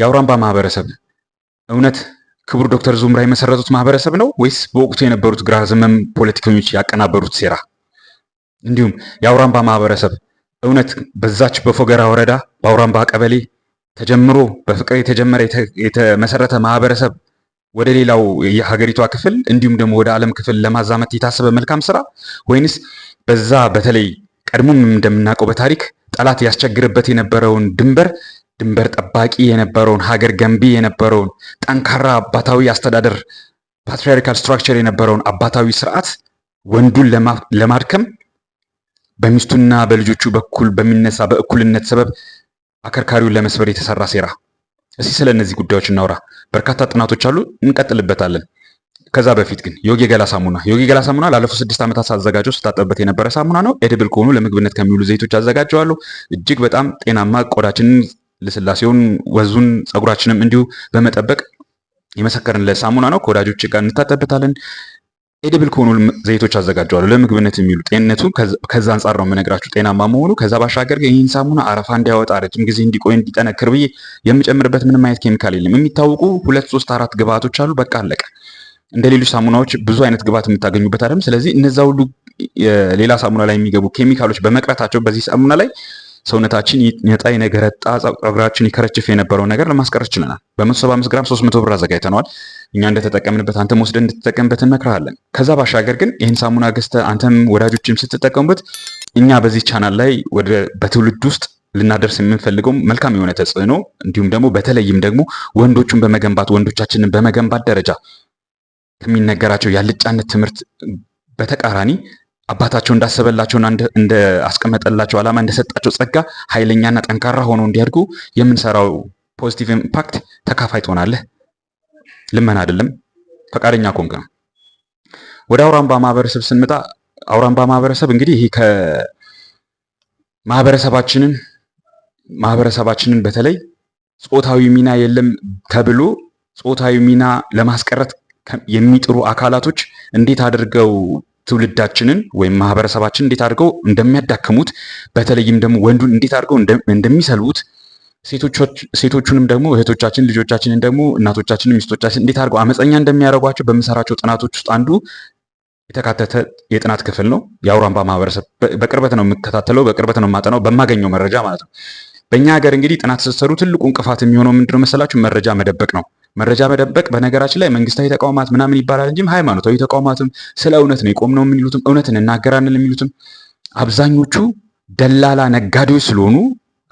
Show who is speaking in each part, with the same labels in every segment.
Speaker 1: የአውራምባ ማህበረሰብ እውነት ክቡር ዶክተር ዙምራ የመሰረቱት ማህበረሰብ ነው ወይስ በወቅቱ የነበሩት ግራ ዘመም ፖለቲከኞች ያቀናበሩት ሴራ? እንዲሁም የአውራምባ ማህበረሰብ እውነት በዛች በፎገራ ወረዳ በአውራምባ ቀበሌ ተጀምሮ በፍቅር የተጀመረ የተመሰረተ ማህበረሰብ ወደ ሌላው የሀገሪቷ ክፍል እንዲሁም ደግሞ ወደ ዓለም ክፍል ለማዛመት የታሰበ መልካም ስራ ወይንስ በዛ በተለይ ቀድሞም እንደምናውቀው በታሪክ ጠላት ያስቸግርበት የነበረውን ድንበር ድንበር ጠባቂ የነበረውን ሀገር ገንቢ የነበረውን ጠንካራ አባታዊ አስተዳደር ፓትሪያርካል ስትራክቸር የነበረውን አባታዊ ስርዓት ወንዱን ለማድከም በሚስቱና በልጆቹ በኩል በሚነሳ በእኩልነት ሰበብ አከርካሪውን ለመስበር የተሰራ ሴራ። እስኪ ስለ እነዚህ ጉዳዮች እናውራ። በርካታ ጥናቶች አሉ፣ እንቀጥልበታለን። ከዛ በፊት ግን ዮጊ ገላ ሳሙና። ዮጊ ገላ ሳሙና ላለፉት ስድስት ዓመታት ሳዘጋጀው ስታጠብበት የነበረ ሳሙና ነው። ኤድብል ከሆኑ ለምግብነት ከሚውሉ ዘይቶች አዘጋጀዋለሁ። እጅግ በጣም ጤናማ ቆዳችንን ልስላሴውን ወዙን ፀጉራችንም እንዲሁ በመጠበቅ የመሰከርንለት ሳሙና ነው። ከወዳጆች ጋር እንታጠብታለን። ኤድብል ከሆኑ ዘይቶች አዘጋጀዋሉ ለምግብነት የሚሉ ጤንነቱ ከዛ አንጻር ነው የምነግራችሁ ጤናማ መሆኑ። ከዛ ባሻገር ግን ይህን ሳሙና አረፋ እንዳያወጣ ረጅም ጊዜ እንዲቆይ እንዲጠነክር ብዬ የምጨምርበት ምንም አይነት ኬሚካል የለም። የሚታወቁ ሁለት ሶስት አራት ግብአቶች አሉ። በቃ አለቀ። እንደ ሌሎች ሳሙናዎች ብዙ አይነት ግብአት የምታገኙበት አይደለም። ስለዚህ እነዛ ሁሉ ሌላ ሳሙና ላይ የሚገቡ ኬሚካሎች በመቅረታቸው በዚህ ሳሙና ላይ ሰውነታችን ነጣ የነገረጣ ጸጉራችን ይከረችፍ የነበረውን ነገር ለማስቀረት ችለናል። በ175 ግራም 300 ብር አዘጋጅተነዋል። እኛ እንደተጠቀምንበት አንተም ወስደ እንድትጠቀምበት እንመክርሃለን። ከዛ ባሻገር ግን ይህን ሳሙና ገዝተ አንተም ወዳጆችም ስትጠቀሙበት እኛ በዚህ ቻናል ላይ ወደ በትውልድ ውስጥ ልናደርስ የምንፈልገው መልካም የሆነ ተጽዕኖ እንዲሁም ደግሞ በተለይም ደግሞ ወንዶቹን በመገንባት ወንዶቻችንን በመገንባት ደረጃ ከሚነገራቸው ያልጫነት ትምህርት በተቃራኒ አባታቸው እንዳሰበላቸውና እንደ አስቀመጠላቸው ዓላማ እንደሰጣቸው ጸጋ ኃይለኛና ጠንካራ ሆኖ እንዲያድጉ የምንሰራው ፖዚቲቭ ኢምፓክት ተካፋይ ትሆናለህ። ልመና አይደለም፣ ፈቃደኛ ኮንክ ነው። ወደ አውራምባ ማህበረሰብ ስንመጣ አውራምባ ማህበረሰብ እንግዲህ ይሄ ከማህበረሰባችንን ማህበረሰባችንን በተለይ ጾታዊ ሚና የለም ተብሎ ጾታዊ ሚና ለማስቀረት የሚጥሩ አካላቶች እንዴት አድርገው ትውልዳችንን ወይም ማህበረሰባችን እንዴት አድርገው እንደሚያዳክሙት በተለይም ደግሞ ወንዱን እንዴት አድርገው እንደሚሰልቡት ሴቶቹንም ደግሞ እህቶቻችን፣ ልጆቻችንን ደግሞ እናቶቻችን ሚስቶቻችን እንዴት አድርገው አመፀኛ እንደሚያደርጓቸው በምሰራቸው ጥናቶች ውስጥ አንዱ የተካተተ የጥናት ክፍል ነው። የአውራምባ ማህበረሰብ በቅርበት ነው የምከታተለው፣ በቅርበት ነው የማጠናው በማገኘው መረጃ ማለት ነው። በእኛ ሀገር እንግዲህ ጥናት ስትሰሩ ትልቁ እንቅፋት የሚሆነው ምንድነው መሰላችሁ? መረጃ መደበቅ ነው። መረጃ መደበቅ በነገራችን ላይ መንግስታዊ ተቋማት ምናምን ይባላል እንጂ ሃይማኖታዊ ተቋማትም ስለ እውነት ነው የቆምነው የሚሉትም እውነት እንናገራለን የሚሉትም አብዛኞቹ ደላላ ነጋዴዎች ስለሆኑ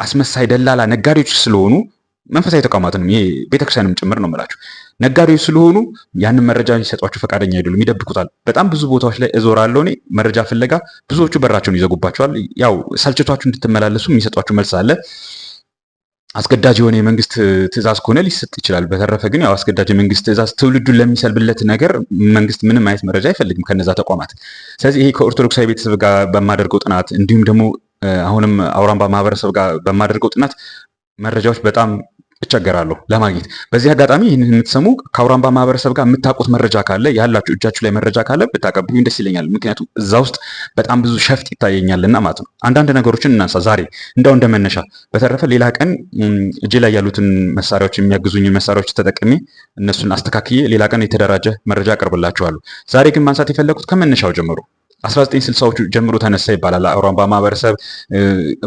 Speaker 1: አስመሳይ ደላላ ነጋዴዎች ስለሆኑ መንፈሳዊ ነው ይሄ ቤተክርስቲያንም ጭምር ነው የምላችሁ። ነጋዴዎች ስለሆኑ ያንን መረጃ ሊሰጧቸው ፈቃደኛ አይደሉም፣ ይደብቁታል። በጣም ብዙ ቦታዎች ላይ እዞራለሁ እኔ መረጃ ፍለጋ፣ ብዙዎቹ በራቸውን ይዘጉባቸዋል። ያው ሰልችቷችሁ እንድትመላለሱ የሚሰጧችሁ መልስ አለ። አስገዳጅ የሆነ የመንግስት ትእዛዝ ከሆነ ሊሰጥ ይችላል። በተረፈ ግን ያው አስገዳጅ የመንግስት ትእዛዝ ትውልዱን ለሚሰልብለት ነገር መንግስት ምንም አይነት መረጃ አይፈልግም ከነዛ ተቋማት። ስለዚህ ይሄ ከኦርቶዶክሳዊ ቤተሰብ ጋር በማደርገው ጥናት እንዲሁም ደግሞ አሁንም አውራምባ ማህበረሰብ ጋር በማደርገው ጥናት መረጃዎች በጣም እቸገራለሁ ለማግኘት። በዚህ አጋጣሚ ይህንን የምትሰሙ ከአውራምባ ማህበረሰብ ጋር የምታውቁት መረጃ ካለ ያላችሁ እጃችሁ ላይ መረጃ ካለ ብታቀብኝ ደስ ይለኛል። ምክንያቱም እዛ ውስጥ በጣም ብዙ ሸፍጥ ይታየኛልና ማለት ነው። አንዳንድ ነገሮችን እናንሳ ዛሬ እንደው እንደመነሻ። በተረፈ ሌላ ቀን እጅ ላይ ያሉትን መሳሪያዎች የሚያግዙኝን መሳሪያዎች ተጠቅሜ እነሱን አስተካክዬ ሌላ ቀን የተደራጀ መረጃ አቀርብላችኋለሁ። ዛሬ ግን ማንሳት የፈለኩት ከመነሻው ጀምሮ 1960ዎቹ ጀምሮ ተነሳ ይባላል አውራምባ ማህበረሰብ።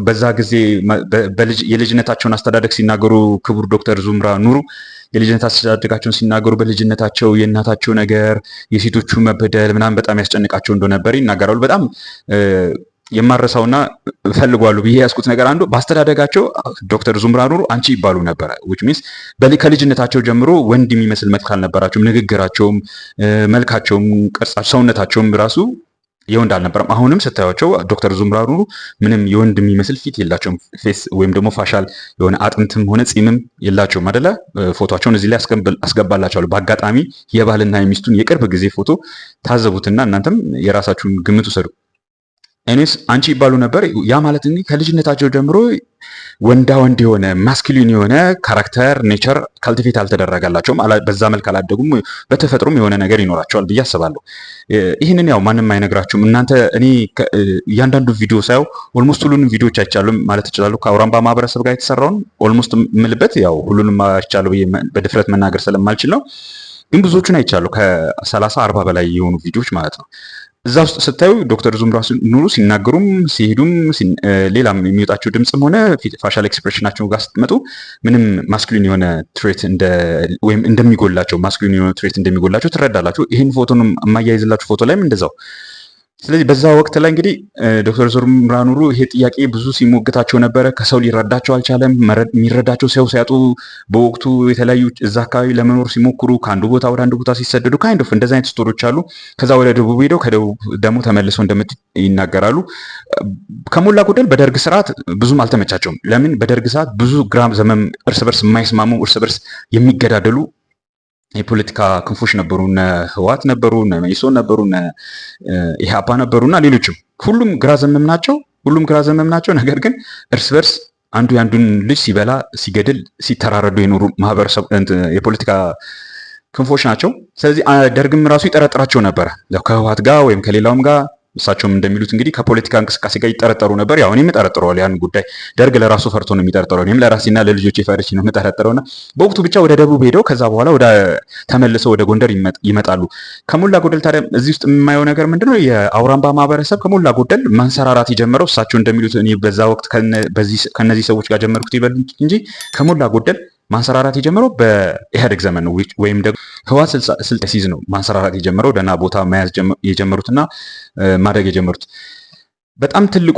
Speaker 1: በዛ ጊዜ የልጅነታቸውን አስተዳደግ ሲናገሩ ክቡር ዶክተር ዙምራ ኑሩ የልጅነት አስተዳደጋቸውን ሲናገሩ በልጅነታቸው የእናታቸው ነገር የሴቶቹ መበደል ምናምን በጣም ያስጨንቃቸው እንደነበር ይናገራሉ። በጣም የማረሳውና ፈልጓሉ ብዬ ያዝኩት ነገር አንዱ በአስተዳደጋቸው ዶክተር ዙምራ ኑሩ አንቺ ይባሉ ነበረ። ዊች ሚንስ ከልጅነታቸው ጀምሮ ወንድ የሚመስል መልክ አልነበራቸውም። ንግግራቸውም፣ መልካቸውም፣ ቅርጻቸው፣ ሰውነታቸውም ራሱ የወንድ አልነበረም። አሁንም ስታያቸው ዶክተር ዙምራሩ ምንም የወንድ የሚመስል ፊት የላቸውም። ፌስ ወይም ደግሞ ፋሻል የሆነ አጥንትም ሆነ ፂምም የላቸውም አደለ? ፎቶቸውን እዚህ ላይ አስገባላቸዋለሁ። በአጋጣሚ የባልና የሚስቱን የቅርብ ጊዜ ፎቶ ታዘቡትና እናንተም የራሳችሁን ግምት ውሰዱ። እኔስ አንቺ ይባሉ ነበር። ያ ማለት እንግዲህ ከልጅነታቸው ጀምሮ ወንዳ ወንድ የሆነ ማስኪሊን የሆነ ካራክተር ኔቸር ካልቲቬት አልተደረገላቸውም። በዛ መልክ አላደጉም። በተፈጥሮም የሆነ ነገር ይኖራቸዋል ብዬ አስባለሁ። ይህንን ያው ማንም አይነግራችሁም እናንተ። እኔ እያንዳንዱ ቪዲዮ ሳየው ኦልሞስት ሁሉንም ቪዲዮዎች አይቻሉም ማለት ትችላሉ ከአውራምባ ማህበረሰብ ጋር የተሰራውን ኦልሞስት ምልበት ያው ሁሉንም አይቻለሁ ብዬ በድፍረት መናገር ስለማልችል ነው። ግን ብዙዎቹን አይቻለሁ ከሰላሳ አርባ በላይ የሆኑ ቪዲዮዎች ማለት ነው። እዛ ውስጥ ስታዩ ዶክተር ዙምራስ ኑሩ ሲናገሩም ሲሄዱም ሌላም የሚወጣቸው ድምፅም ሆነ ፋሻል ኤክስፕሬሽናቸው ጋር ስትመጡ ምንም ማስኩሊን የሆነ ትሬት ወይም እንደሚጎላቸው ማስኩሊን የሆነ ትሬት እንደሚጎላቸው ትረዳላችሁ። ይህን ፎቶንም የማያይዝላችሁ ፎቶ ላይም እንደዛው ስለዚህ በዛ ወቅት ላይ እንግዲህ ዶክተር ዙምራ ኑሩ ይሄ ጥያቄ ብዙ ሲሞግታቸው ነበረ። ከሰው ሊረዳቸው አልቻለም። የሚረዳቸው ሰው ሲያጡ በወቅቱ የተለያዩ እዛ አካባቢ ለመኖር ሲሞክሩ ከአንዱ ቦታ ወደ አንዱ ቦታ ሲሰደዱ ከአይንዶፍ እንደዚ አይነት ስቶሪዎች አሉ። ከዛ ወደ ደቡብ ሄደው ከደቡብ ደግሞ ተመልሰው እንደምት ይናገራሉ። ከሞላ ጎደል በደርግ ስርዓት ብዙም አልተመቻቸውም። ለምን በደርግ ሰዓት ብዙ ግራም ዘመም እርስ በርስ የማይስማሙ እርስ በርስ የሚገዳደሉ የፖለቲካ ክንፎች ነበሩ። እነ ህዋት ነበሩ፣ እነ መኢሶን ነበሩ፣ እነ ኢህአፓ ነበሩ እና ሌሎችም ሁሉም ግራ ዘመም ናቸው። ሁሉም ግራ ዘመም ናቸው። ነገር ግን እርስ በርስ አንዱ የአንዱን ልጅ ሲበላ፣ ሲገድል፣ ሲተራረዱ የኖሩ ማህበረሰብ የፖለቲካ ክንፎች ናቸው። ስለዚህ ደርግም ራሱ ይጠረጥራቸው ነበረ ከህዋት ጋር ወይም ከሌላውም ጋር እሳቸውም እንደሚሉት እንግዲህ ከፖለቲካ እንቅስቃሴ ጋር ይጠረጠሩ ነበር። ያው እኔም ያን ጉዳይ ደርግ ለራሱ ፈርቶ ነው የሚጠረጥረው። እኔም ለራሴና ለልጆች ፈርቼ ነው የምጠረጥረውና በወቅቱ ብቻ ወደ ደቡብ ሄደው ከዛ በኋላ ወደ ተመልሰው ወደ ጎንደር ይመጣሉ። ከሞላ ጎደል ታዲያ እዚህ ውስጥ የማየው ነገር ምንድነው የአውራምባ ማህበረሰብ ከሞላ ጎደል ማንሰራራት የጀመረው እሳቸው እንደሚሉት እኔ በዛ ወቅት ከነዚህ ሰዎች ጋር ጀመርኩት ይበሉ እንጂ ከሞላ ጎደል ማንሰራራት የጀመረው በኢህአዴግ ዘመን ነው፣ ወይም ደግሞ ህወሓት ስልጣን ሲይዝ ነው ማንሰራራት የጀመረው ደህና ቦታ መያዝ የጀመሩትና ማድረግ የጀመሩት። በጣም ትልቁ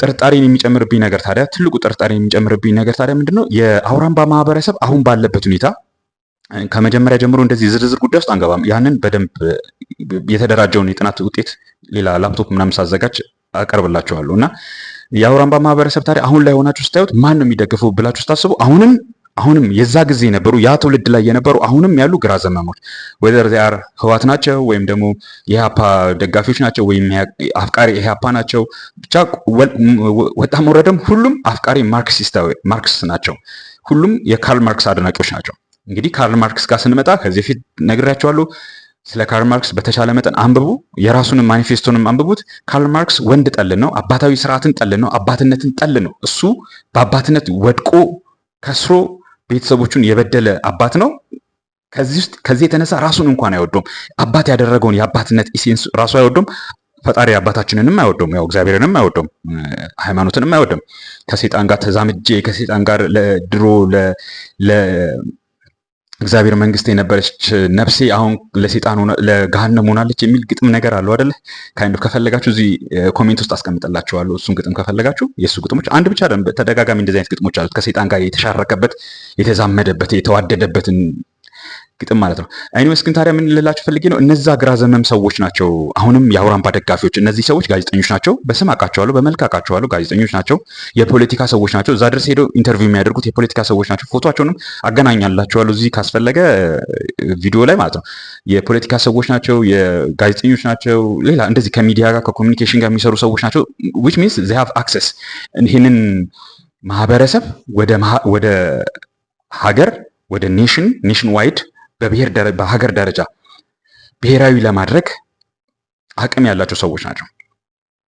Speaker 1: ጥርጣሬን የሚጨምርብኝ ነገር ታዲያ ትልቁ ጥርጣሬን የሚጨምርብኝ ነገር ታዲያ ምንድን ነው የአውራምባ ማህበረሰብ አሁን ባለበት ሁኔታ ከመጀመሪያ ጀምሮ እንደዚህ ዝርዝር ጉዳይ ውስጥ አንገባም። ያንን በደንብ የተደራጀውን የጥናት ውጤት ሌላ ላፕቶፕ ምናምን ሳዘጋጅ አቀርብላችኋለሁ እና የአውራምባ ማህበረሰብ ታዲያ አሁን ላይ ሆናችሁ ስታዩት ማን ነው የሚደግፈው ብላችሁ ስታስቡ አሁንም አሁንም የዛ ጊዜ የነበሩ ያ ትውልድ ላይ የነበሩ አሁንም ያሉ ግራ ዘመሞች ወይዘር ዚያር ህዋት ናቸው ወይም ደግሞ የኢህአፓ ደጋፊዎች ናቸው ወይም አፍቃሪ ኢህአፓ ናቸው። ብቻ ወጣም ወረደም ሁሉም አፍቃሪ ማርክሲስታዊ ማርክስ ናቸው። ሁሉም የካርል ማርክስ አድናቂዎች ናቸው። እንግዲህ ካርል ማርክስ ጋር ስንመጣ ከዚህ በፊት ነግሬያቸዋለሁ። ስለ ካርል ማርክስ በተቻለ መጠን አንብቡ፣ የራሱን ማኒፌስቶንም አንብቡት። ካርል ማርክስ ወንድ ጠል ነው፣ አባታዊ ስርዓትን ጠል ነው፣ አባትነትን ጠል ነው። እሱ በአባትነት ወድቆ ከስሮ ቤተሰቦቹን የበደለ አባት ነው። ከዚህ ውስጥ ከዚህ የተነሳ ራሱን እንኳን አይወዶም። አባት ያደረገውን የአባትነት ኢሴንስ ራሱ አይወዶም። ፈጣሪ አባታችንንም አይወዶም። ያው እግዚአብሔርንም አይወዶም። ሃይማኖትንም አይወዶም። ከሴጣን ጋር ተዛምጄ ከሴጣን ጋር ለድሮ እግዚአብሔር መንግስት የነበረች ነፍሴ አሁን ለሴጣን ለገሃነም ሆናለች የሚል ግጥም ነገር አለው አደለ? ካይንዶ ከፈለጋችሁ እዚህ ኮሜንት ውስጥ አስቀምጥላችኋለሁ። እሱን ግጥም ከፈለጋችሁ የእሱ ግጥሞች አንድ ብቻ ተደጋጋሚ እንደዚህ አይነት ግጥሞች አሉት። ከሴጣን ጋር የተሻረቀበት የተዛመደበት የተዋደደበትን ግጥም ማለት ነው። አይኒዌስ ግን ታዲያ ምን ልላቸው ፈልጌ ነው፣ እነዛ ግራ ዘመም ሰዎች ናቸው። አሁንም የአውራምባ ደጋፊዎች እነዚህ ሰዎች ጋዜጠኞች ናቸው። በስም አውቃቸዋለሁ፣ በመልክ አውቃቸዋለሁ። ጋዜጠኞች ናቸው፣ የፖለቲካ ሰዎች ናቸው። እዛ ድረስ ሄደው ኢንተርቪው የሚያደርጉት የፖለቲካ ሰዎች ናቸው። ፎቶቸውንም አገናኛላቸዋለሁ እዚህ ካስፈለገ ቪዲዮ ላይ ማለት ነው። የፖለቲካ ሰዎች ናቸው፣ የጋዜጠኞች ናቸው። ሌላ እንደዚህ ከሚዲያ ጋር ከኮሚኒኬሽን ጋር የሚሰሩ ሰዎች ናቸው። ዊች ሚንስ ዘ ሃቭ አክሰስ ይህንን ማህበረሰብ ወደ ሀገር ወደ ኔሽን ኔሽን ዋይድ በብሔር በሀገር ደረጃ ብሔራዊ ለማድረግ አቅም ያላቸው ሰዎች ናቸው።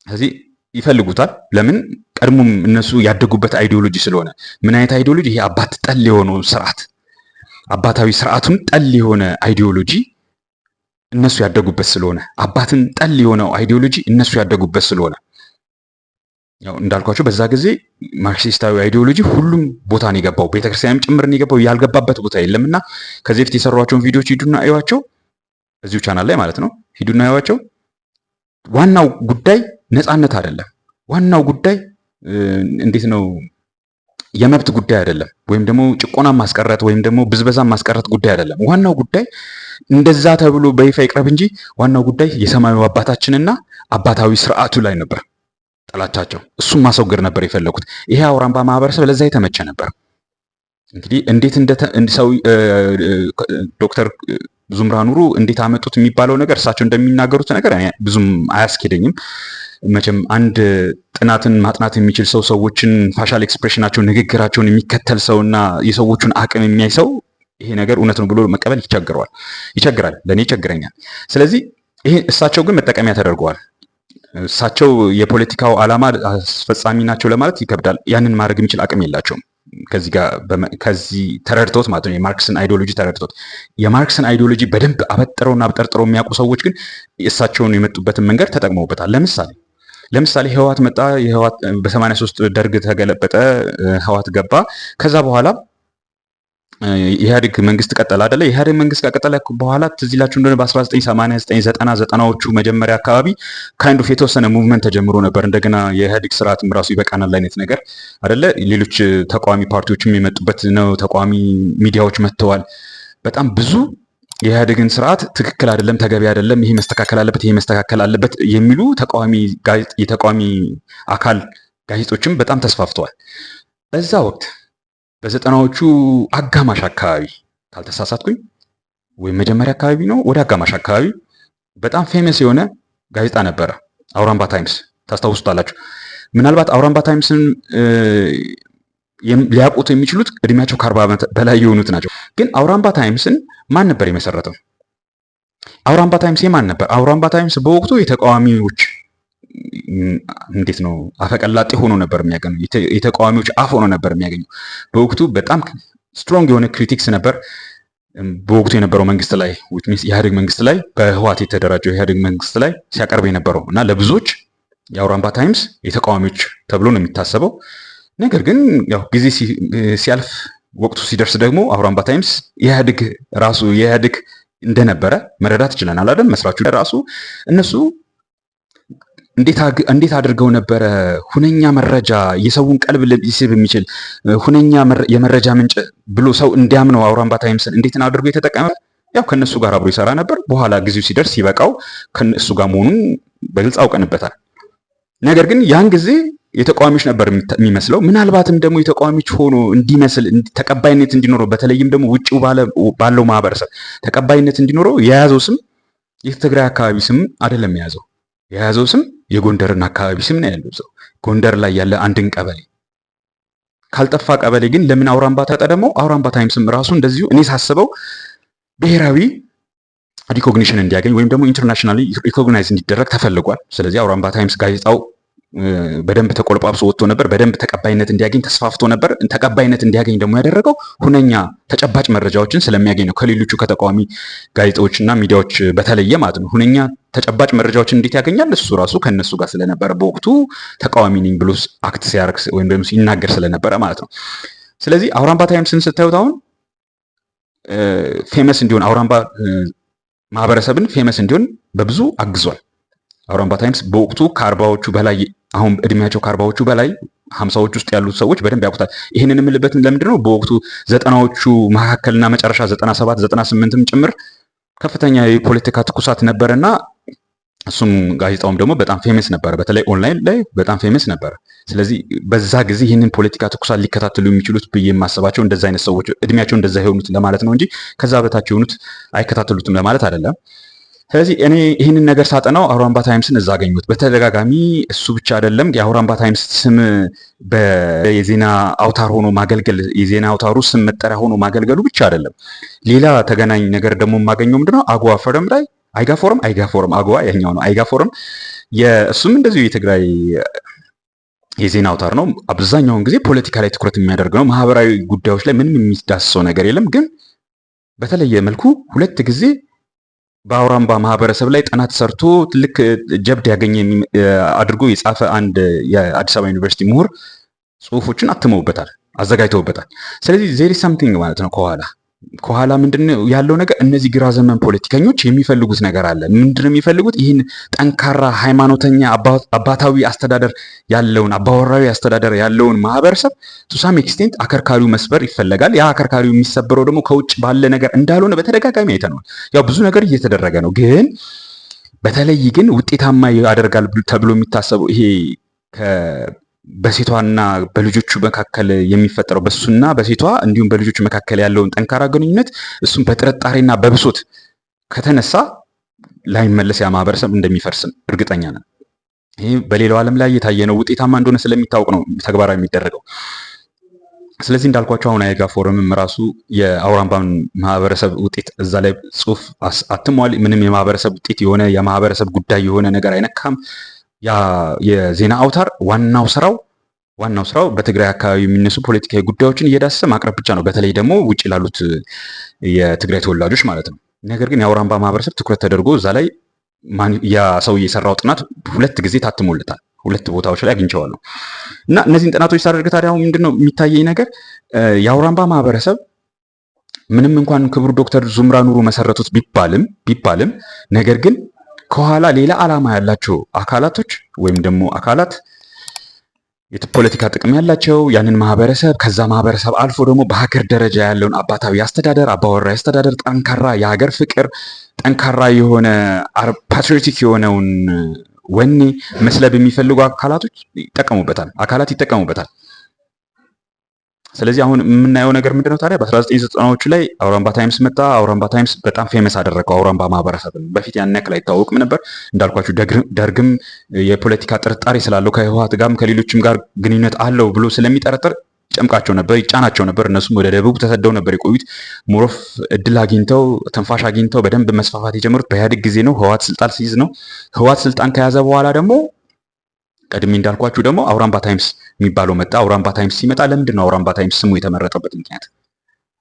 Speaker 1: ስለዚህ ይፈልጉታል። ለምን? ቀድሞም እነሱ ያደጉበት አይዲዮሎጂ ስለሆነ። ምን አይነት አይዲዮሎጂ? ይሄ አባት ጠል የሆነው ስርዓት፣ አባታዊ ስርዓቱን ጠል የሆነ አይዲዮሎጂ እነሱ ያደጉበት ስለሆነ አባትን ጠል የሆነው አይዲዮሎጂ እነሱ ያደጉበት ስለሆነ ያው እንዳልኳቸው በዛ ጊዜ ማርክሲስታዊ አይዲዮሎጂ ሁሉም ቦታ ነው የገባው፣ ቤተክርስቲያንም ጭምር ነው የገባው። ያልገባበት ቦታ የለም እና ከዚህ በፊት የሰሯቸውን ቪዲዮዎች ሂዱና እዩዋቸው፣ እዚሁ ቻናል ላይ ማለት ነው። ሂዱና እዩዋቸው። ዋናው ጉዳይ ነፃነት አይደለም። ዋናው ጉዳይ እንዴት ነው የመብት ጉዳይ አይደለም። ወይም ደግሞ ጭቆና ማስቀረት ወይም ደግሞ ብዝበዛ ማስቀረት ጉዳይ አይደለም። ዋናው ጉዳይ እንደዛ ተብሎ በይፋ ይቅረብ እንጂ ዋናው ጉዳይ የሰማዩ አባታችንና አባታዊ ስርዓቱ ላይ ነበር። ጠላቻቸው። እሱም ማስወገድ ነበር የፈለጉት። ይሄ አውራምባ ማህበረሰብ ለዛ የተመቸ ነበር። እንግዲህ እንዴት እንደሰው ዶክተር ዙምራ ኑሩ እንዴት አመጡት የሚባለው ነገር እሳቸው እንደሚናገሩት ነገር ብዙም አያስኬደኝም። መቼም አንድ ጥናትን ማጥናት የሚችል ሰው ሰዎችን ፋሻል ኤክስፕሬሽናቸው፣ ንግግራቸውን የሚከተል ሰው እና የሰዎቹን አቅም የሚያይ ሰው ይሄ ነገር እውነት ነው ብሎ መቀበል ይቸግረዋል፣ ይቸግራል። ለእኔ ይቸግረኛል። ስለዚህ ይሄ እሳቸው ግን መጠቀሚያ ተደርገዋል። እሳቸው የፖለቲካው ዓላማ አስፈጻሚ ናቸው ለማለት ይከብዳል። ያንን ማድረግ የሚችል አቅም የላቸውም። ከዚህ ጋር ከዚህ ማለት ነው የማርክስን አይዲዮሎጂ ተረድቶት የማርክስን አይዲዮሎጂ በደንብ አበጥረውና አብጠርጥረው የሚያውቁ ሰዎች ግን እሳቸውን የመጡበትን መንገድ ተጠቅመውበታል። ለምሳሌ ለምሳሌ ህወሓት መጣ፣ በ በ83 ደርግ ተገለበጠ፣ ህወሓት ገባ። ከዛ በኋላ የኢህአዴግ መንግስት ቀጠለ አደለ? የኢህአዴግ መንግስት ከቀጠለ በኋላ ትዝ ይላችሁ እንደሆነ በ1989 90 ዎቹ መጀመሪያ አካባቢ ካይንድ ኦፍ የተወሰነ ሙቭመንት ተጀምሮ ነበር። እንደገና የኢህአዴግ ስርዓትም ራሱ ይበቃናል አይነት ነገር አደለ? ሌሎች ተቃዋሚ ፓርቲዎችም የመጡበት ነው። ተቃዋሚ ሚዲያዎች መጥተዋል። በጣም ብዙ የኢህአዴግን ስርዓት ትክክል አይደለም፣ ተገቢ አይደለም፣ ይሄ መስተካከል አለበት፣ ይሄ መስተካከል አለበት የሚሉ ተቃዋሚ የተቃዋሚ አካል ጋዜጦችም በጣም ተስፋፍተዋል በዛ ወቅት በዘጠናዎቹ አጋማሽ አካባቢ ካልተሳሳትኩኝ ወይም መጀመሪያ አካባቢ ነው ወደ አጋማሽ አካባቢ በጣም ፌመስ የሆነ ጋዜጣ ነበረ አውራምባ ታይምስ ታስታውሱታላችሁ። ምናልባት አውራምባ ታይምስን ሊያውቁት የሚችሉት እድሜያቸው ከአርባ ዓመት በላይ የሆኑት ናቸው። ግን አውራምባ ታይምስን ማን ነበር የመሰረተው? አውራምባ ታይምስ የማን ነበር? አውራምባ ታይምስ በወቅቱ የተቃዋሚዎች እንዴት ነው አፈቀላጤ ሆኖ ነበር የሚያገኙ የተቃዋሚዎች አፍ ሆኖ ነበር የሚያገኙ። በወቅቱ በጣም ስትሮንግ የሆነ ክሪቲክስ ነበር በወቅቱ የነበረው መንግስት ላይ ኢህአዴግ መንግስት ላይ በህዋት የተደራጀው ኢህአዴግ መንግስት ላይ ሲያቀርብ የነበረው እና ለብዙዎች የአውራምባ ታይምስ የተቃዋሚዎች ተብሎ ነው የሚታሰበው። ነገር ግን ያው ጊዜ ሲያልፍ ወቅቱ ሲደርስ ደግሞ አውራምባ ታይምስ ኢህአዴግ ራሱ የኢህአዴግ እንደነበረ መረዳት ይችለናል አይደል? መስራቹ ራሱ እነሱ እንዴት አድርገው ነበረ ሁነኛ መረጃ የሰውን ቀልብ ሊስብ የሚችል ሁነኛ የመረጃ ምንጭ ብሎ ሰው እንዲያምነው አውራምባ ታይምስን እንዴትን አድርጎ የተጠቀመ ያው ከነሱ ጋር አብሮ ይሰራ ነበር። በኋላ ጊዜው ሲደርስ ሲበቃው ከነሱ ጋር መሆኑን በግልጽ አውቀንበታል። ነገር ግን ያን ጊዜ የተቃዋሚዎች ነበር የሚመስለው። ምናልባትም ደግሞ የተቃዋሚዎች ሆኖ እንዲመስል ተቀባይነት እንዲኖረው በተለይም ደግሞ ውጭው ባለው ማህበረሰብ ተቀባይነት እንዲኖረው የያዘው ስም የትግራይ አካባቢ ስም አይደለም የያዘው የያዘው ስም የጎንደርን አካባቢ ስም ነው ያለው ሰው ጎንደር ላይ ያለ አንድን ቀበሌ ካልጠፋ ቀበሌ ግን ለምን አውራምባ ተጠደመው? አውራምባ ታይምስም ራሱ እንደዚሁ እኔ ሳስበው ብሔራዊ ሪኮግኒሽን እንዲያገኝ ወይም ደግሞ ኢንተርናሽናል ሪኮግናይዝ እንዲደረግ ተፈልጓል። ስለዚህ አውራምባ ታይምስ ጋዜጣው በደንብ ተቆልጳብሶ ወጥቶ ነበር። በደንብ ተቀባይነት እንዲያገኝ ተስፋፍቶ ነበር። ተቀባይነት እንዲያገኝ ደግሞ ያደረገው ሁነኛ ተጨባጭ መረጃዎችን ስለሚያገኝ ነው። ከሌሎቹ ከተቃዋሚ ጋዜጣዎችና ሚዲያዎች በተለየ ማለት ነው። ሁነኛ ተጨባጭ መረጃዎችን እንዴት ያገኛል? እሱ ራሱ ከእነሱ ጋር ስለነበረ በወቅቱ ተቃዋሚ ነኝ ብሎ አክት ሲያርግ ወይም ደግሞ ሲናገር ስለነበረ ማለት ነው። ስለዚህ አውራምባ ታይምስን ስታዩት አሁን ፌመስ እንዲሆን አውራምባ ማህበረሰብን ፌመስ እንዲሆን በብዙ አግዟል። አውራምባ ታይምስ በወቅቱ ከአርባዎቹ በላይ አሁን እድሜያቸው ከአርባዎቹ በላይ ሀምሳዎች ውስጥ ያሉት ሰዎች በደንብ ያውቁታል። ይህንን የምልበት ለምንድን ነው? በወቅቱ ዘጠናዎቹ መካከልና መጨረሻ ዘጠና ሰባት ዘጠና ስምንትም ጭምር ከፍተኛ የፖለቲካ ትኩሳት ነበረና እሱም ጋዜጣውም ደግሞ በጣም ፌመስ ነበረ፣ በተለይ ኦንላይን ላይ በጣም ፌመስ ነበረ። ስለዚህ በዛ ጊዜ ይህንን ፖለቲካ ትኩሳት ሊከታተሉ የሚችሉት ብዬ የማስባቸው እንደዛ አይነት ሰዎች እድሜያቸው እንደዛ የሆኑት ለማለት ነው እንጂ ከዛ በታች የሆኑት አይከታተሉትም ለማለት አይደለም። ስለዚህ እኔ ይህንን ነገር ሳጠናው አውራምባ ታይምስን እዛ አገኙት። በተደጋጋሚ እሱ ብቻ አይደለም የአውራምባ ታይምስ ስም የዜና አውታር ሆኖ ማገልገል የዜና አውታሩ ስም መጠሪያ ሆኖ ማገልገሉ ብቻ አይደለም። ሌላ ተገናኝ ነገር ደግሞ የማገኘው ምንድነው አጓ ፎረም ላይ አይጋ ፎረም አይጋ ፎረም አጓ ያኛው ነው። አይጋ ፎረም እሱም እንደዚሁ የትግራይ የዜና አውታር ነው። አብዛኛውን ጊዜ ፖለቲካ ላይ ትኩረት የሚያደርግ ነው። ማህበራዊ ጉዳዮች ላይ ምንም የሚዳስሰው ነገር የለም። ግን በተለየ መልኩ ሁለት ጊዜ በአውራምባ ማህበረሰብ ላይ ጥናት ሰርቶ ትልቅ ጀብድ ያገኘ አድርጎ የጻፈ አንድ የአዲስ አበባ ዩኒቨርሲቲ ምሁር ጽሁፎችን አትመውበታል፣ አዘጋጅተውበታል። ስለዚህ ዜሪ ሳምቲንግ ማለት ነው ከኋላ ከኋላ ምንድነው ያለው ነገር? እነዚህ ግራ ዘመን ፖለቲከኞች የሚፈልጉት ነገር አለ። ምንድነው የሚፈልጉት? ይህን ጠንካራ ሃይማኖተኛ፣ አባታዊ አስተዳደር ያለውን አባወራዊ አስተዳደር ያለውን ማህበረሰብ ቱሳም ኤክስቴንት አከርካሪው መስበር ይፈለጋል። ያ አከርካሪው የሚሰበረው ደግሞ ከውጭ ባለ ነገር እንዳልሆነ በተደጋጋሚ አይተነዋል። ያው ብዙ ነገር እየተደረገ ነው፣ ግን በተለይ ግን ውጤታማ ያደርጋል ተብሎ የሚታሰበው ይሄ በሴቷና በልጆቹ መካከል የሚፈጠረው በሱና በሴቷ እንዲሁም በልጆቹ መካከል ያለውን ጠንካራ ግንኙነት እሱም በጥርጣሬና በብሶት ከተነሳ ላይመለስ ያ ማህበረሰብ እንደሚፈርስም እርግጠኛ ነን። ይህ በሌላው ዓለም ላይ የታየ ነው። ውጤታማ እንደሆነ ስለሚታወቅ ነው ተግባራዊ የሚደረገው። ስለዚህ እንዳልኳቸው አሁን አይጋ ፎረምም ራሱ የአውራምባን ማህበረሰብ ውጤት እዛ ላይ ጽሁፍ አትሟል። ምንም የማህበረሰብ ውጤት የሆነ የማህበረሰብ ጉዳይ የሆነ ነገር አይነካም። የዜና አውታር ዋናው ስራው ዋናው ስራው በትግራይ አካባቢ የሚነሱ ፖለቲካዊ ጉዳዮችን እየዳሰሰ ማቅረብ ብቻ ነው። በተለይ ደግሞ ውጭ ላሉት የትግራይ ተወላጆች ማለት ነው። ነገር ግን የአውራምባ ማህበረሰብ ትኩረት ተደርጎ እዛ ላይ ያ ሰው የሰራው ጥናት ሁለት ጊዜ ታትሞለታል። ሁለት ቦታዎች ላይ አግኝቼዋለሁ እና እነዚህን ጥናቶች ሳደርግ ታዲያ ምንድን ነው የሚታየኝ ነገር የአውራምባ ማህበረሰብ ምንም እንኳን ክቡር ዶክተር ዙምራ ኑሩ መሰረቱት ቢባልም ቢባልም ነገር ግን ከኋላ ሌላ ዓላማ ያላቸው አካላቶች ወይም ደግሞ አካላት የፖለቲካ ጥቅም ያላቸው ያንን ማህበረሰብ ከዛ ማህበረሰብ አልፎ ደግሞ በሀገር ደረጃ ያለውን አባታዊ አስተዳደር አባወራ አስተዳደር ጠንካራ የሀገር ፍቅር ጠንካራ የሆነ ፓትሪዮቲክ የሆነውን ወኔ መስለብ የሚፈልጉ አካላቶች ይጠቀሙበታል አካላት ይጠቀሙበታል። ስለዚህ አሁን የምናየው ነገር ምንድነው ታዲያ በ1990ዎቹ ላይ አውራምባ ታይምስ መጣ። አውራምባ ታይምስ በጣም ፌመስ አደረገው አውራምባ ማህበረሰብ በፊት ያን ያክል አይታወቅም ነበር እንዳልኳችሁ። ደርግም የፖለቲካ ጥርጣሬ ስላለው ከህወሓት ጋርም ከሌሎችም ጋር ግንኙነት አለው ብሎ ስለሚጠረጥር ጨምቃቸው ነበር፣ ይጫናቸው ነበር። እነሱም ወደ ደቡብ ተሰደው ነበር የቆዩት። ሞሮፍ እድል አግኝተው ትንፋሽ አግኝተው በደንብ መስፋፋት የጀመሩት በኢህአዴግ ጊዜ ነው፣ ህወሓት ስልጣን ሲይዝ ነው። ህወሓት ስልጣን ከያዘ በኋላ ደግሞ ቀድሜ እንዳልኳችሁ ደግሞ አውራምባ ታይምስ የሚባለው መጣ። አውራምባ ታይምስ ሲመጣ ለምንድን ነው አውራምባ ታይምስ ስሙ የተመረጠበት ምክንያት?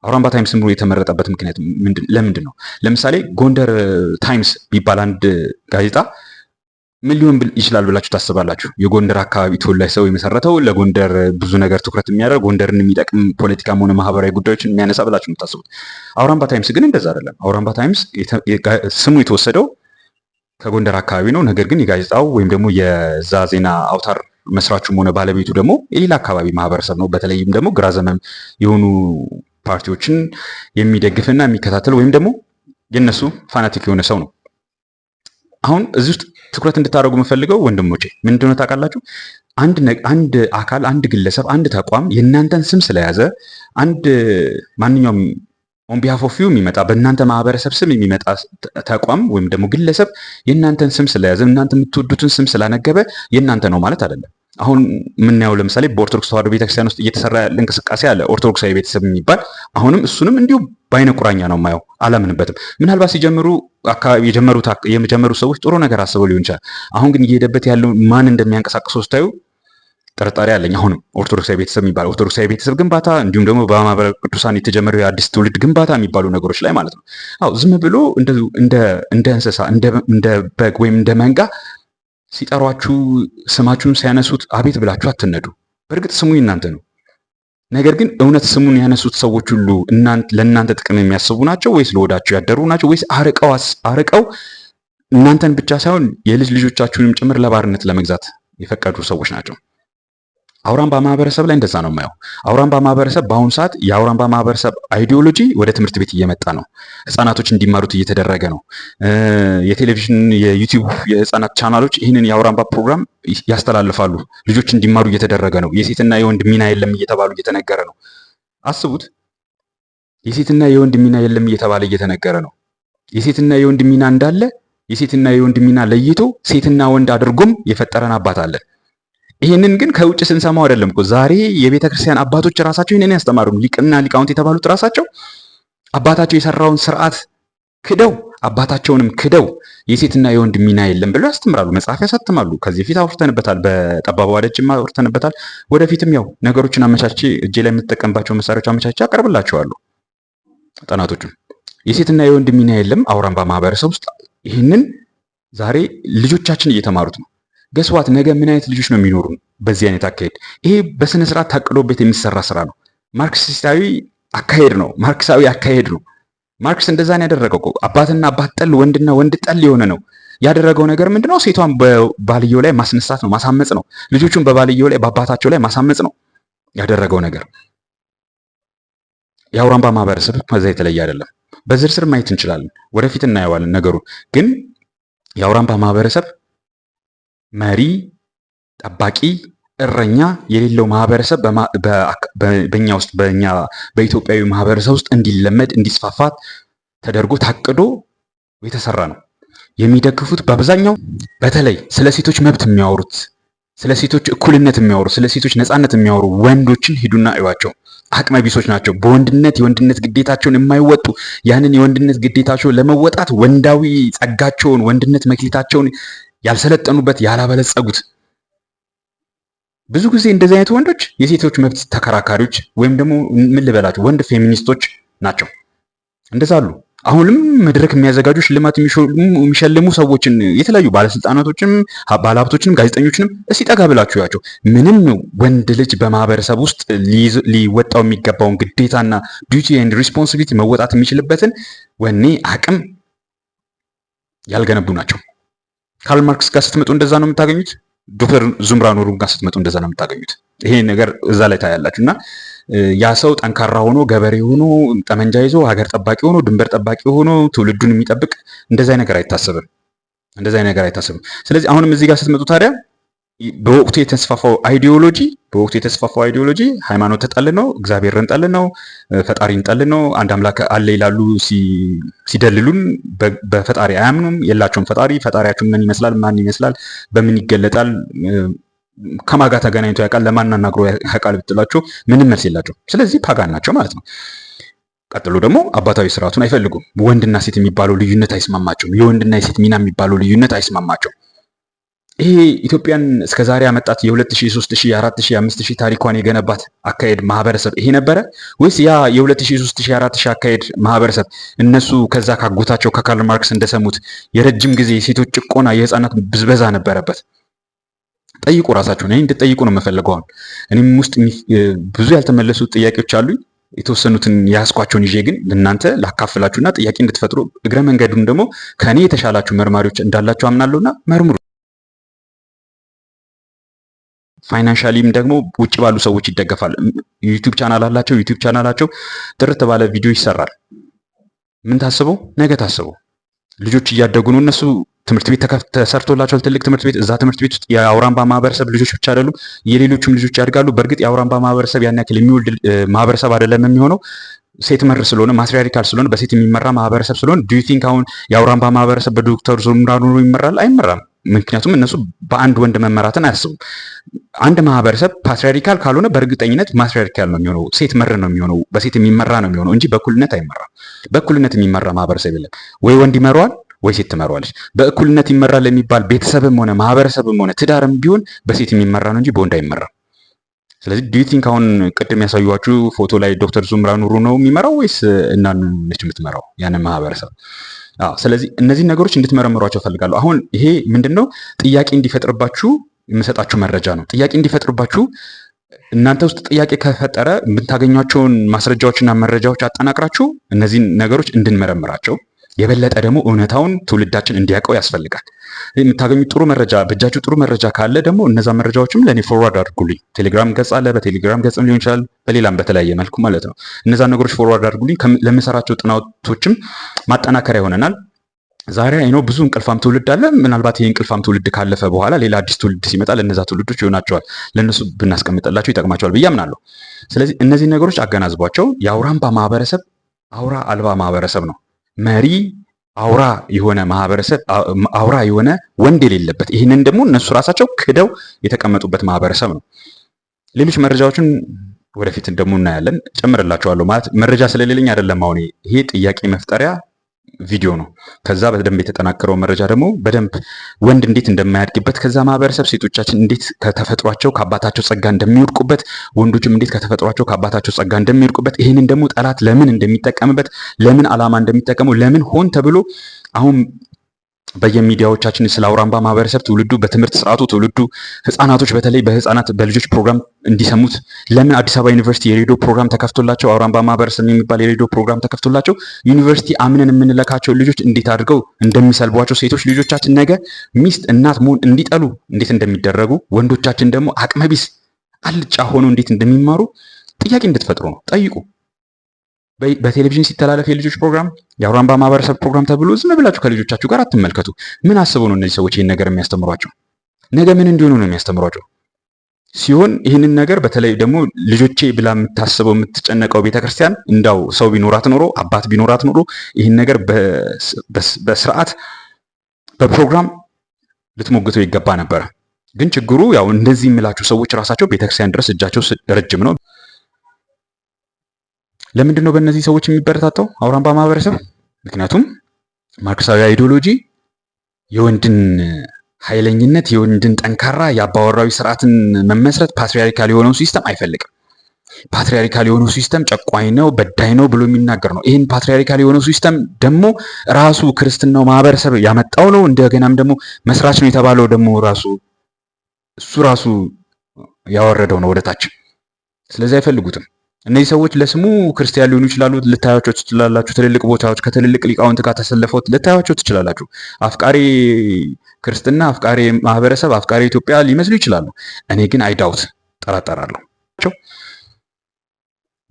Speaker 1: አውራምባ ታይምስ ስሙ የተመረጠበት ምክንያት ለምንድን ነው? ለምሳሌ ጎንደር ታይምስ የሚባል አንድ ጋዜጣ ምን ሊሆን ይችላል ብላችሁ ታስባላችሁ? የጎንደር አካባቢ ተወላጅ ሰው የመሰረተው ለጎንደር ብዙ ነገር ትኩረት የሚያደርግ ጎንደርን የሚጠቅም ፖለቲካም ሆነ ማህበራዊ ጉዳዮችን የሚያነሳ ብላችሁ የምታስቡት። አውራምባ ታይምስ ግን እንደዛ አይደለም። አውራምባ ታይምስ ስሙ የተወሰደው ከጎንደር አካባቢ ነው። ነገር ግን የጋዜጣው ወይም ደግሞ የዛ ዜና አውታር መስራቹም ሆነ ባለቤቱ ደግሞ የሌላ አካባቢ ማህበረሰብ ነው። በተለይም ደግሞ ግራ ዘመም የሆኑ ፓርቲዎችን የሚደግፍና የሚከታተል ወይም ደግሞ የነሱ ፋናቲክ የሆነ ሰው ነው። አሁን እዚህ ውስጥ ትኩረት እንድታደርጉ የምፈልገው ወንድሞቼ ምን እንደሆነ ታውቃላችሁ? አንድ አካል፣ አንድ ግለሰብ፣ አንድ ተቋም የእናንተን ስም ስለያዘ አንድ ማንኛውም ኦን ቢሃፍ ኦፍ ዩ የሚመጣ በእናንተ ማህበረሰብ ስም የሚመጣ ተቋም ወይም ደግሞ ግለሰብ የእናንተን ስም ስለያዘ እናንተ የምትወዱትን ስም ስላነገበ የእናንተ ነው ማለት አይደለም። አሁን የምናየው ለምሳሌ በኦርቶዶክስ ተዋህዶ ቤተክርስቲያን ውስጥ እየተሰራ ያለ እንቅስቃሴ አለ፣ ኦርቶዶክሳዊ ቤተሰብ የሚባል አሁንም እሱንም እንዲሁ በአይነ ቁራኛ ነው ማየው፣ አላምንበትም። ምናልባት ሲጀምሩ አካባቢ የጀመሩ ሰዎች ጥሩ ነገር አስበው ሊሆን ይችላል። አሁን ግን እየሄደበት ያለው ማን እንደሚያንቀሳቅሰው ስታዩ ጥርጣሬ አለኝ። አሁንም ኦርቶዶክሳዊ ቤተሰብ የሚባለው ኦርቶዶክሳዊ ቤተሰብ ግንባታ እንዲሁም ደግሞ በማህበረ ቅዱሳን የተጀመረው የአዲስ ትውልድ ግንባታ የሚባሉ ነገሮች ላይ ማለት ነው። አዎ ዝም ብሎ እንደ እንስሳ እንደ በግ ወይም እንደ መንጋ ሲጠሯችሁ ስማችሁን ሲያነሱት አቤት ብላችሁ አትነዱ። በእርግጥ ስሙ እናንተ ነው። ነገር ግን እውነት ስሙን ያነሱት ሰዎች ሁሉ ለእናንተ ጥቅም የሚያስቡ ናቸው ወይስ ለወዳቸው ያደሩ ናቸው ወይስ አርቀው እናንተን ብቻ ሳይሆን የልጅ ልጆቻችሁንም ጭምር ለባርነት ለመግዛት የፈቀዱ ሰዎች ናቸው? አውራምባ ማህበረሰብ ላይ እንደዛ ነው የማየው። አውራምባ ማህበረሰብ በአሁኑ ሰዓት የአውራምባ ማህበረሰብ አይዲዮሎጂ ወደ ትምህርት ቤት እየመጣ ነው። ህጻናቶች እንዲማሩት እየተደረገ ነው። የቴሌቪዥን የዩቲዩብ የህጻናት ቻናሎች ይህንን የአውራምባ ፕሮግራም ያስተላልፋሉ። ልጆች እንዲማሩ እየተደረገ ነው። የሴትና የወንድ ሚና የለም እየተባሉ እየተነገረ ነው። አስቡት፣ የሴትና የወንድ ሚና የለም እየተባለ እየተነገረ ነው። የሴትና የወንድ ሚና እንዳለ የሴትና የወንድ ሚና ለይቶ ሴትና ወንድ አድርጎም የፈጠረን አባት አለን። ይህንን ግን ከውጭ ስንሰማው አይደለም እኮ ዛሬ የቤተ ክርስቲያን አባቶች ራሳቸው ይህንን ያስተማሩ ሊቅና ሊቃውንት የተባሉት ራሳቸው አባታቸው የሰራውን ስርዓት ክደው አባታቸውንም ክደው የሴትና የወንድ ሚና የለም ብለው ያስተምራሉ። መጽሐፍ ያሳትማሉ። ከዚህ በፊት አውርተንበታል፣ በጠባብ ወዳጅም አውርተንበታል። ወደፊትም ያው ነገሮችን አመቻቼ እጄ ላይ የምትጠቀምባቸው መሳሪያዎች አመቻቼ አቀርብላቸዋለሁ። ጥናቶቹም የሴትና የወንድ ሚና የለም አውራምባ ማህበረሰብ ውስጥ ይህንን ዛሬ ልጆቻችን እየተማሩት ነው። ገስዋት ነገ ምን አይነት ልጆች ነው የሚኖሩን? በዚህ አይነት አካሄድ ይሄ በስነ ስርዓት ታቅዶበት የሚሰራ ስራ ነው። ማርክሲስታዊ አካሄድ ነው። ማርክሳዊ አካሄድ ነው። ማርክስ እንደዛ ያደረገው ያደረገው። አባትና አባት ጠል፣ ወንድና ወንድ ጠል የሆነ ነው ያደረገው ነገር ምንድነው? ሴቷን በባልየው ላይ ማስነሳት ነው፣ ማሳመጽ ነው። ልጆቹን በባልየው ላይ በአባታቸው ላይ ማሳመጽ ነው ያደረገው ነገር። የአውራምባ ማህበረሰብ ከዛ የተለየ አይደለም። በዝርዝር ማየት እንችላለን፣ ወደፊት እናየዋለን ነገሩ ግን የአውራምባ ማህበረሰብ መሪ፣ ጠባቂ፣ እረኛ የሌለው ማህበረሰብ በኛ ውስጥ በኛ በኢትዮጵያዊ ማህበረሰብ ውስጥ እንዲለመድ እንዲስፋፋ ተደርጎ ታቅዶ የተሰራ ነው። የሚደግፉት በአብዛኛው በተለይ ስለ ሴቶች መብት የሚያወሩት ስለ ሴቶች እኩልነት የሚያወሩ ስለ ሴቶች ነፃነት የሚያወሩ ወንዶችን ሂዱና እዩዋቸው። አቅመ ቢሶች ናቸው። በወንድነት የወንድነት ግዴታቸውን የማይወጡ ያንን የወንድነት ግዴታቸውን ለመወጣት ወንዳዊ ጸጋቸውን፣ ወንድነት መክሊታቸውን ያልሰለጠኑበት ያላበለጸጉት። ብዙ ጊዜ እንደዚህ አይነት ወንዶች የሴቶች መብት ተከራካሪዎች ወይም ደግሞ ምን ልበላቸው ወንድ ፌሚኒስቶች ናቸው። እንደዛ አሉ። አሁንም መድረክ የሚያዘጋጁ ሽልማት የሚሸልሙ ሰዎችን የተለያዩ ባለስልጣናቶችንም ባለሀብቶችንም ጋዜጠኞችንም እስቲ ጠጋ ብላችሁ ያቸው ምንም ወንድ ልጅ በማህበረሰብ ውስጥ ሊወጣው የሚገባውን ግዴታና ዲዩቲ ኤንድ ሪስፖንሲቢሊቲ መወጣት የሚችልበትን ወኔ አቅም ያልገነቡ ናቸው። ካርል ማርክስ ጋር ስትመጡ እንደዛ ነው የምታገኙት። ዶክተር ዙምራ ኑሩ ጋር ስትመጡ እንደዛ ነው የምታገኙት። ይሄ ነገር እዛ ላይ ታያላችሁ እና ያ ሰው ጠንካራ ሆኖ ገበሬ ሆኖ ጠመንጃ ይዞ ሀገር ጠባቂ ሆኖ ድንበር ጠባቂ ሆኖ ትውልዱን የሚጠብቅ እንደዛ ነገር አይታሰብም። እንደዛ ነገር አይታሰብም። ስለዚህ አሁንም እዚህ ጋር ስትመጡ ታዲያ በወቅቱ የተስፋፋው አይዲዮሎጂ በወቅቱ የተስፋፋው አይዲዮሎጂ ሃይማኖት ጠል ነው፣ እግዚአብሔርን ጠል ነው፣ ፈጣሪን ጠል ነው። አንድ አምላክ አለ ይላሉ ሲደልሉን፣ በፈጣሪ አያምኑም፣ የላቸውም ፈጣሪ። ፈጣሪያቸው ምን ይመስላል? ማን ይመስላል? በምን ይገለጣል? ከማጋ ተገናኝቶ ያውቃል? ለማን አናግሮ ያውቃል ብትላቸው ምንም መልስ የላቸው። ስለዚህ ፓጋን ናቸው ማለት ነው። ቀጥሎ ደግሞ አባታዊ ስርዓቱን አይፈልጉም። ወንድና ሴት የሚባለው ልዩነት አይስማማቸውም። የወንድና የሴት ሚና የሚባለው ልዩነት አይስማማቸውም። ይሄ ኢትዮጵያን እስከዛሬ ያመጣት የ2000 3000 4000 5000 ታሪኳን የገነባት አካሄድ ማህበረሰብ ይሄ ነበረ ወይስ ያ የ2000 3000 4000 አካሄድ ማህበረሰብ እነሱ ከዛ ካጎታቸው ከካርል ማርክስ እንደሰሙት የረጅም ጊዜ የሴቶች ጭቆና፣ የህፃናት ብዝበዛ ነበረበት? ጠይቁ ራሳችሁን። እኔ እንድጠይቁ ነው የምፈልገው። አሁን እኔም ውስጥ ብዙ ያልተመለሱ ጥያቄዎች አሉኝ። የተወሰኑትን የያዝኳቸውን ይዤ ግን ለእናንተ ላካፍላችሁና ጥያቄ እንድትፈጥሩ እግረ መንገዱም ደግሞ ከእኔ የተሻላችሁ መርማሪዎች እንዳላችሁ አምናለሁና መርምሩ። ፋይናንሻሊም ደግሞ ውጭ ባሉ ሰዎች ይደገፋል። ዩቲዩብ ቻናል አላቸው። ዩቲዩብ ቻናላቸው ጥርት ባለ ቪዲዮ ይሰራል። ምን ታስበው ነገ ታስበው ልጆች እያደጉ ነው። እነሱ ትምህርት ቤት ተሰርቶላቸዋል፣ ትልቅ ትምህርት ቤት። እዛ ትምህርት ቤት ውስጥ የአውራምባ ማህበረሰብ ልጆች ብቻ አይደሉም፣ የሌሎችም ልጆች ያድጋሉ። በእርግጥ የአውራምባ ማህበረሰብ ያን ያክል የሚወልድ ማህበረሰብ አይደለም የሚሆነው ሴት መር ስለሆነ ማትሪያሪካል ስለሆነ በሴት የሚመራ ማህበረሰብ ስለሆነ ዱ ዩ ቲንክ አሁን የአውራምባ ማህበረሰብ በዶክተር ዞምራ ይመራል? አይመራም። ምክንያቱም እነሱ በአንድ ወንድ መመራትን አያስቡም። አንድ ማህበረሰብ ፓትሪያርካል ካልሆነ በእርግጠኝነት ማትሪያርካል ነው የሚሆነው፣ ሴት መር ነው የሚሆነው፣ በሴት የሚመራ ነው የሚሆነው እንጂ በእኩልነት አይመራም። በእኩልነት የሚመራ ማህበረሰብ የለም። ወይ ወንድ ይመራዋል ወይ ሴት ትመራዋለች። በእኩልነት ይመራል የሚባል ቤተሰብም ሆነ ማህበረሰብም ሆነ ትዳርም ቢሆን በሴት የሚመራ ነው እንጂ በወንድ አይመራም። ስለዚህ ዱ ዩ ቲንክ አሁን ቅድም ያሳዩችሁ ፎቶ ላይ ዶክተር ዙምራ ኑሩ ነው የሚመራው ወይስ እናኑ ነች የምትመራው ያንን ማህበረሰብ? ስለዚህ እነዚህ ነገሮች እንድትመረምሯቸው እፈልጋለሁ። አሁን ይሄ ምንድን ነው ጥያቄ እንዲፈጥርባችሁ የምሰጣችሁ መረጃ ነው። ጥያቄ እንዲፈጥርባችሁ እናንተ ውስጥ ጥያቄ ከፈጠረ የምታገኟቸውን ማስረጃዎችና መረጃዎች አጠናቅራችሁ እነዚህን ነገሮች እንድንመረምራቸው የበለጠ ደግሞ እውነታውን ትውልዳችን እንዲያውቀው ያስፈልጋል። የምታገኙት ጥሩ መረጃ በእጃችሁ ጥሩ መረጃ ካለ ደግሞ እነዛ መረጃዎችም ለእኔ ፎርዋርድ አድርጉልኝ። ቴሌግራም ገጽ አለ። በቴሌግራም ገጽም ሊሆን ይችላል፣ በሌላም በተለያየ መልኩ ማለት ነው። እነዛ ነገሮች ፎርዋርድ አድርጉልኝ። ለምሰራቸው ጥናቶችም ማጠናከሪያ ይሆነናል። ዛሬ አይኖ ብዙ እንቅልፋም ትውልድ አለ። ምናልባት ይህ እንቅልፋም ትውልድ ካለፈ በኋላ ሌላ አዲስ ትውልድ ሲመጣ ለእነዛ ትውልዶች ይሆናቸዋል፣ ለእነሱ ብናስቀምጠላቸው ይጠቅማቸዋል ብዬ አምናለሁ። ስለዚህ እነዚህ ነገሮች አገናዝቧቸው። የአውራምባ ማህበረሰብ አውራ አልባ ማህበረሰብ ነው። መሪ አውራ የሆነ ማህበረሰብ አውራ የሆነ ወንድ የሌለበት ይህንን ደግሞ እነሱ ራሳቸው ክደው የተቀመጡበት ማህበረሰብ ነው። ሌሎች መረጃዎችን ወደፊት ደግሞ እናያለን፣ ጨምርላቸዋለሁ። ማለት መረጃ ስለሌለኝ አይደለም። አሁን ይሄ ጥያቄ መፍጠሪያ ቪዲዮ ነው። ከዛ በደንብ የተጠናከረው መረጃ ደግሞ በደንብ ወንድ እንዴት እንደማያድግበት ከዛ ማህበረሰብ ሴቶቻችን እንዴት ከተፈጥሯቸው ከአባታቸው ጸጋ እንደሚወድቁበት፣ ወንዶችም እንዴት ከተፈጥሯቸው ከአባታቸው ጸጋ እንደሚወድቁበት፣ ይህንን ደግሞ ጠላት ለምን እንደሚጠቀምበት፣ ለምን ዓላማ እንደሚጠቀመው፣ ለምን ሆን ተብሎ አሁን በየሚዲያዎቻችን ስለ አውራምባ ማህበረሰብ ትውልዱ በትምህርት ስርዓቱ ትውልዱ ህጻናቶች በተለይ በህጻናት በልጆች ፕሮግራም እንዲሰሙት ለምን አዲስ አበባ ዩኒቨርሲቲ የሬዲዮ ፕሮግራም ተከፍቶላቸው አውራምባ ማህበረሰብ የሚባል የሬዲዮ ፕሮግራም ተከፍቶላቸው ዩኒቨርሲቲ አምነን የምንለካቸው ልጆች እንዴት አድርገው እንደሚሰልቧቸው ሴቶች ልጆቻችን ነገ ሚስት እናት መሆን እንዲጠሉ እንዴት እንደሚደረጉ ወንዶቻችን ደግሞ አቅመቢስ አልጫ ሆነው እንዴት እንደሚማሩ ጥያቄ እንድትፈጥሩ ነው። ጠይቁ። በቴሌቪዥን ሲተላለፍ የልጆች ፕሮግራም የአውራምባ ማህበረሰብ ፕሮግራም ተብሎ ዝም ብላችሁ ከልጆቻችሁ ጋር አትመልከቱ። ምን አስበው ነው እነዚህ ሰዎች ይህን ነገር የሚያስተምሯቸው? ነገ ምን እንዲሆኑ ነው የሚያስተምሯቸው? ሲሆን ይህንን ነገር በተለይ ደግሞ ልጆቼ ብላ የምታስበው የምትጨነቀው ቤተክርስቲያን እንዳው ሰው ቢኖራት ኖሮ አባት ቢኖራት ኖሮ ይህን ነገር በስርዓት በፕሮግራም ልትሞግተው ይገባ ነበረ። ግን ችግሩ ያው እንደዚህ የሚላቸው ሰዎች ራሳቸው ቤተክርስቲያን ድረስ እጃቸው ረጅም ነው። ለምንድን ነው በእነዚህ ሰዎች የሚበረታታው አውራምባ ማህበረሰብ? ምክንያቱም ማርክሳዊ አይዲዮሎጂ የወንድን ኃይለኝነት የወንድን ጠንካራ የአባወራዊ ስርዓትን መመስረት ፓትሪያርካል የሆነው ሲስተም አይፈልግም። ፓትሪያርካል የሆነው ሲስተም ጨቋኝ ነው፣ በዳይ ነው ብሎ የሚናገር ነው። ይህን ፓትሪያርካል የሆነው ሲስተም ደግሞ ራሱ ክርስትናው ማህበረሰብ ያመጣው ነው። እንደገናም ደግሞ መስራች ነው የተባለው ደግሞ ራሱ እሱ ራሱ ያወረደው ነው ወደታችን። ስለዚህ አይፈልጉትም። እነዚህ ሰዎች ለስሙ ክርስቲያን ሊሆኑ ይችላሉ። ልታያቸው ትችላላችሁ። ትልልቅ ቦታዎች ከትልልቅ ሊቃውንት ጋር ተሰልፈው ልታያቸው ትችላላችሁ። አፍቃሪ ክርስትና፣ አፍቃሪ ማህበረሰብ፣ አፍቃሪ ኢትዮጵያ ሊመስሉ ይችላሉ። እኔ ግን አይዳውት ጠራጠራለሁ።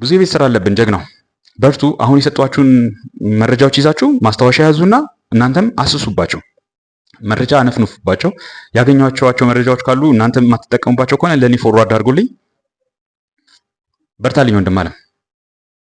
Speaker 1: ብዙ የቤት ስራ አለብን። ጀግናው በርቱ። አሁን የሰጧችሁን መረጃዎች ይዛችሁ ማስታወሻ ያዙና እናንተም አስሱባቸው፣ መረጃ አነፍኑፉባቸው። ያገኛቸዋቸው መረጃዎች ካሉ እናንተም የማትጠቀሙባቸው ከሆነ ለእኔ ፎርዋርድ አድርጉልኝ። በርታልኝ ወንድም አለም